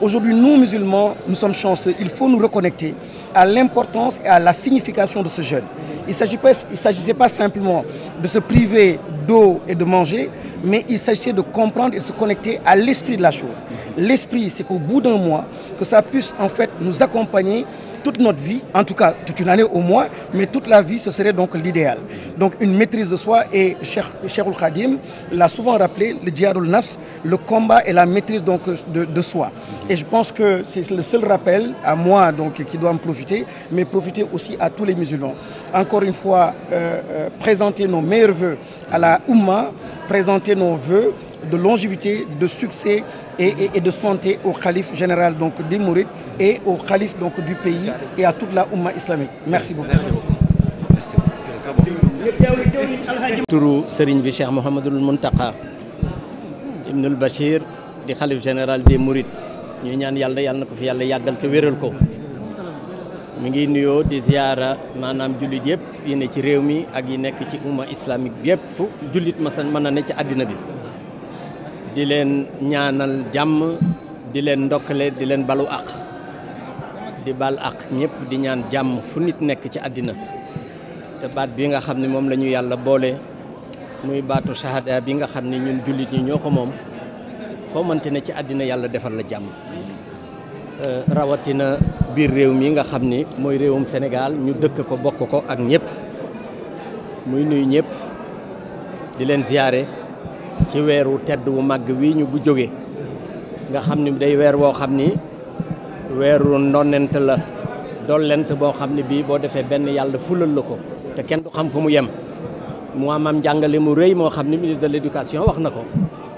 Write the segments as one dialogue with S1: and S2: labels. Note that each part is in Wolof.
S1: Aujourd'hui, nous, musulmans, nous sommes chanceux. Il faut nous reconnecter à l'importance et à la signification de ce jeûne. Il ne s'agissait pas simplement de se priver d'eau et de manger, mais il s'agissait de comprendre et de se connecter à l'esprit de la chose. L'esprit, c'est qu'au bout d'un mois, que ça puisse en fait nous accompagner toute notre vie, en tout cas toute une année au moins, mais toute la vie, ce serait donc l'idéal. Donc une maîtrise de soi et Cheikh Khadim l'a souvent rappelé, le djihadul nafs, le combat et la maîtrise donc de, de soi. Et je pense que c'est le seul rappel à moi donc qui doit en profiter, mais profiter aussi à tous les musulmans. Encore une fois, euh, euh présenter nos meilleurs voeux à la Oumma, présenter nos voeux de longévité, de succès, et, et, et, de santé au calife général donc, des Mourides et au calife donc, du pays et à toute la Oumma islamique. Merci beaucoup.
S2: turu sëriñ bi Cheikh Mouhamadul Mountakha Ibnul Bachir di xalif général des Mourides ñu ñaan yàlla yàlla na ko fi yàlla yàggal te wéral ko mi ngi nuyoo di ziyaara maanaam jullit yëpp yi ne ci réew mi ak yi nekk ci umma islamique bi yëpp fu jullit masan mën na ne ci àddina bi di leen ñaanal jàmm di leen ndokkale di leen balu àq di bal àq ñépp di ñaan jàmm fu nit nekk ci àddina te baat bii nga xam ne moom lañu yàlla boole muy baatu shahada bi nga xam ne ñun jullit yi ñoo ko moom foo mante ne ci àddina yàlla defal la jàmm euh, rawatina biir réew mi nga xam ni mooy réewum senegaal ñu dëkk ko bokk ko ak ñépp muy nuyu ñëpp di leen ziyaare ci weeru tedd wu màgg wi ñu bu jógee nga xam ni day weer woo xam ni weeru ndonent la dollent boo xam ne bii boo defee benn yàlla fulal la ko te kenn du xam fu mu yem mu am am njàngale mu rëy moo xam ne ministre de l'éducation wax na ko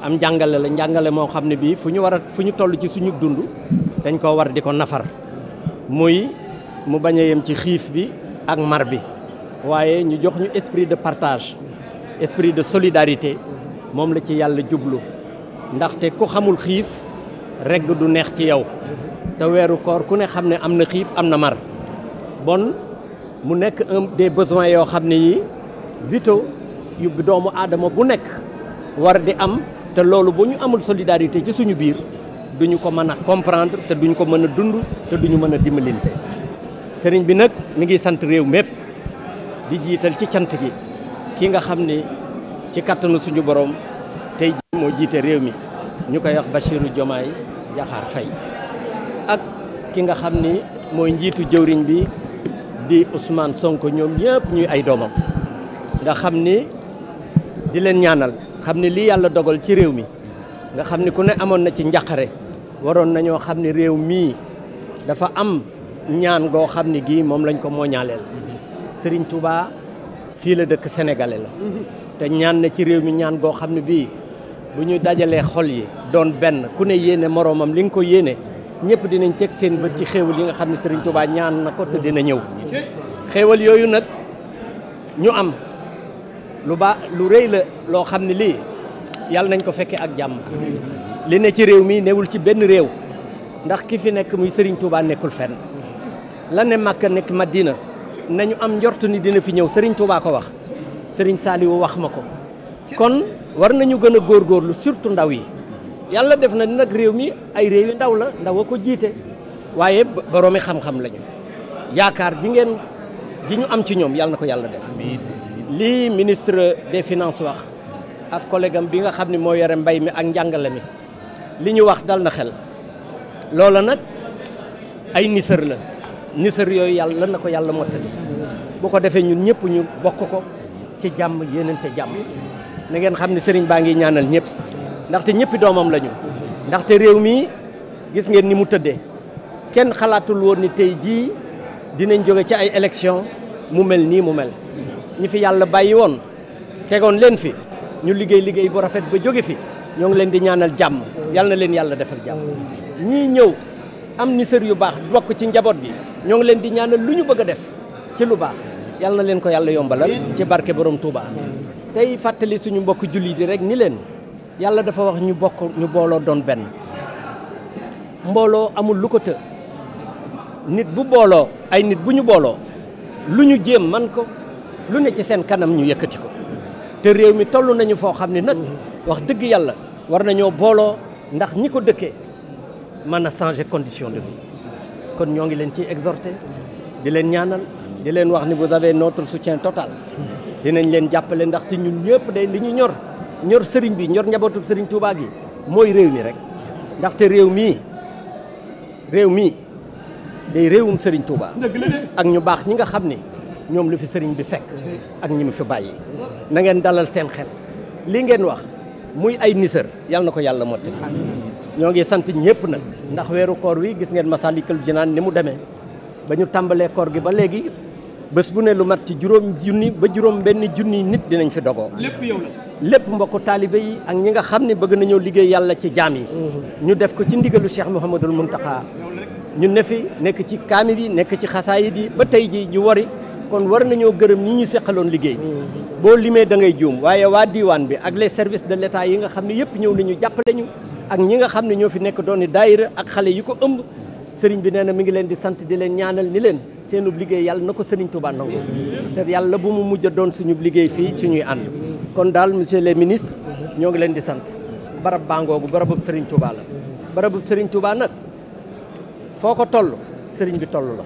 S2: am njàngale la njàngale moo xam ne bii fu ñu war fu ñu toll ci suñu dund dañ koo war di ko nafar muy mu bañ a yem ci xiif bi ak mar bi waaye ñu jox ñu esprit de partage esprit de solidarité moom la ci yàlla jublu ndaxte ku xamul xiif reg du neex ci yow te weeru koor ku ne xam ne am na xiif am na mar bon mu nekk un des besoins yoo xam ne yi vitaux yu doomu aadama bu nekk war di am te loolu bu ñu amul solidarité ci suñu biir duñu ko mën a comprendre te duñu ko mën a dund te duñu mën a dimbalante sëriñ bi nag mi ngi sant réew mépp di jiital ci cant gi ki nga xam ne ci kattanu suñu borom tey ji moo jiite réew mi ñu koy wax Bassirou Diomaye Diakhar Faye ak ki nga xam ni mooy njiitu jëwriñ bi di Ousmane Sonko ñoom ñëpp ñuy ay doomam nga xam ni di leen ñaanal xam ni lii yàlla dogal ci réew mi nga xam ni ku ne amoon na ci njaqare waroon nañoo xam ni réew mii dafa am ñaan goo xam ni gii moom lañ ko mooñaaleel sëriñ Touba fii la dëkk sénégalais la te ñaan na ci réew mi ñaan goo xam ne bii bu ñu dajalee xol yi doon benn ku ne yéene moroomam li nga ko yéene ñëpp dinañ teg seen bët ci xéewal yi nga xam ne Serigne Touba ñaan na ko te dina ñëw xéewal yooyu nag ñu am lu ba lu rëy la loo xam ne lii yàlla nañ ko fekkee ak jàmm li ne ci réew mi newul ci benn réew ndax ki fi nekk muy Serigne Touba nekkul fenn la ne Màkka nekk Madina nañu am njort ni dina fi ñëw sëriñ Touba ko wax sëriñ Saliou wax ma ko kon war nañu gën a góorgóorlu surtout ndaw yi yàlla def na nag réew mi ay réew yi ndaw la ndaw ko jiite waaye boroomi xam-xam lañu yaakaar ji ngeen ji ñu am ci ñoom yàlla na ko yàlla def lii ministre des finances wax ak collègue bi nga xam ni moo yore mbay mi ak njàngale mi li ñu wax dal na xel loola nag ay nisër la nisër yooyu yàlla na ko yàlla mottali bu ko defee ñun ñëpp ñu bokk ko ci jàmm yéenante jàmm na ngeen xam ne sëriñ baa ngi ñaanal ñëpp ndaxte ñëppi doomam lañu ndaxte réew mi gis ngeen ni mu tëddee kenn xalaatul woon ni tey jii dinañ jóge ci ay élection mu mel nii mu mel ñi fi yàlla bàyyi woon tegoon leen fi ñu liggéey liggéey bu rafet ba jóge fi ñoo ngi leen di ñaanal jàmm yàlla leen yàlla defal jàmm ñii ñëw am ni sër yu baax bokk ci njaboot gi ñoo ngi leen di ñaanal lu ñu bëgg a def ci lu baax yàlla na leen ko yàlla yombalal ci barke borom Touba. tey fàttali suñu mbokk julli di rek ni leen yàlla dafa wax ñu bokk ñu booloo doon benn mbooloo amul lu ko të nit bu booloo ay nit bu ñu booloo lu ñu jéem man ko lu ne ci seen kanam ñu yëkkati ko te réew mi toll nañu foo xam ne nag wax dëgg yàlla war nañoo booloo ndax ñi ko dëkkee mën a changer condition de vie kon ñoo ngi leen ciy exhorté di leen ñaanal di leen wax ni vous avez notre soutien total dinañ leen jàppale ndaxte ñun ñëpp day li ñu ñor ñor sëriñ bi ñor njabootu sëriñ Touba gi mooy réew mi rek ndaxte réew mi réew mi day réewum sëriñ Touba ak ñu baax ñi nga xam ni ñoom lu fi sëriñ bi fekk ak ñi mu fi bàyyi na ngeen dalal seen xel lii ngeen wax muy ay nisër yal na ko yàlla mottali ñoo ngi sant ñëpp nag ndax weeru koor wi gis ngeen Masaalikul Jinaan ni mu demee ba ñu tàmbalee koor gi ba léegi bés bu ne lu mat ci juróom junni ba juróom benn junni nit dinañ fi dogoo. lépp yow lépp mbokku taalibe yi ak ñi nga xam ne bëgg nañoo liggéey yàlla ci jaam yi. Mhm. ñu def ko ci ndigalu Cheikh Mouhamadul Mountakha. ñu ne fi nekk ci kaamil yi nekk ci xasaayid yi ba tey ji ñu wari kon war nañoo gërëm ñi ñu seqaloon liggéey. Mhm. boo limee da ngay juum waaye waa diwaan bi ak les service de l'état yi nga xam ne yëpp ñëw nañu jàppale ñu. ak ñi nga xam ne ñoo fi nekk doon daayira ak xale yi ko ëmb. sëriñ bi nee na mi ngi leen di sant di leen ñaanal ni leen seenub liggéey yàlla nako ko sëriñ Touba nangu te yàlla bu mu mujj a doon suñub liggéey fii suñuy ànd kon daal monsieur les ministres ñoo ngi leen di sant barab bangoogu barabub sëriñ Touba la barabub sëriñ Touba nag foo ko toll sëriñ bi toll la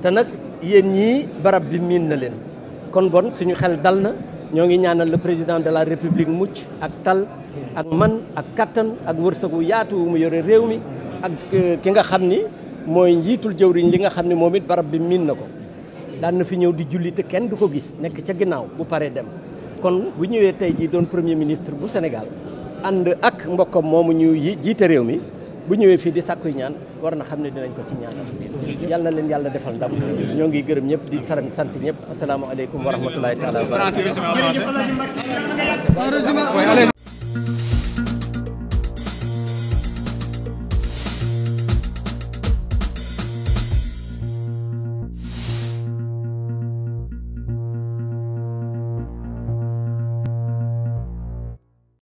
S2: te nag yéen ñii barab bi miin na leen kon bon suñu xel dal na ñoo ngi ñaanal le président de la république mucc ak tal ak man ak kattan ak wërsëgu yaatu mu yore réew mi ak euh, ki nga xam ni mooy njiitul jëwriñ li nga xam ne moom it barab bi miin na ko daan na fi ñëw di julli kenn du ko gis nekk ca ginnaaw bu paree dem kon bu ñëwee tey jii doon premier ministre bu senegal ànd ak mbokkam moomu ñu jiite réew mi bu ñëwee fii di sàkkuy ñaan war na xam ne dinañ ko ci ñaanal yal na leen yàlla defal ndam ñoo ngi gërëm ñëpp di saram sant ñëpp asalaamaaleykum wa rahmatulahi taala wa barakatu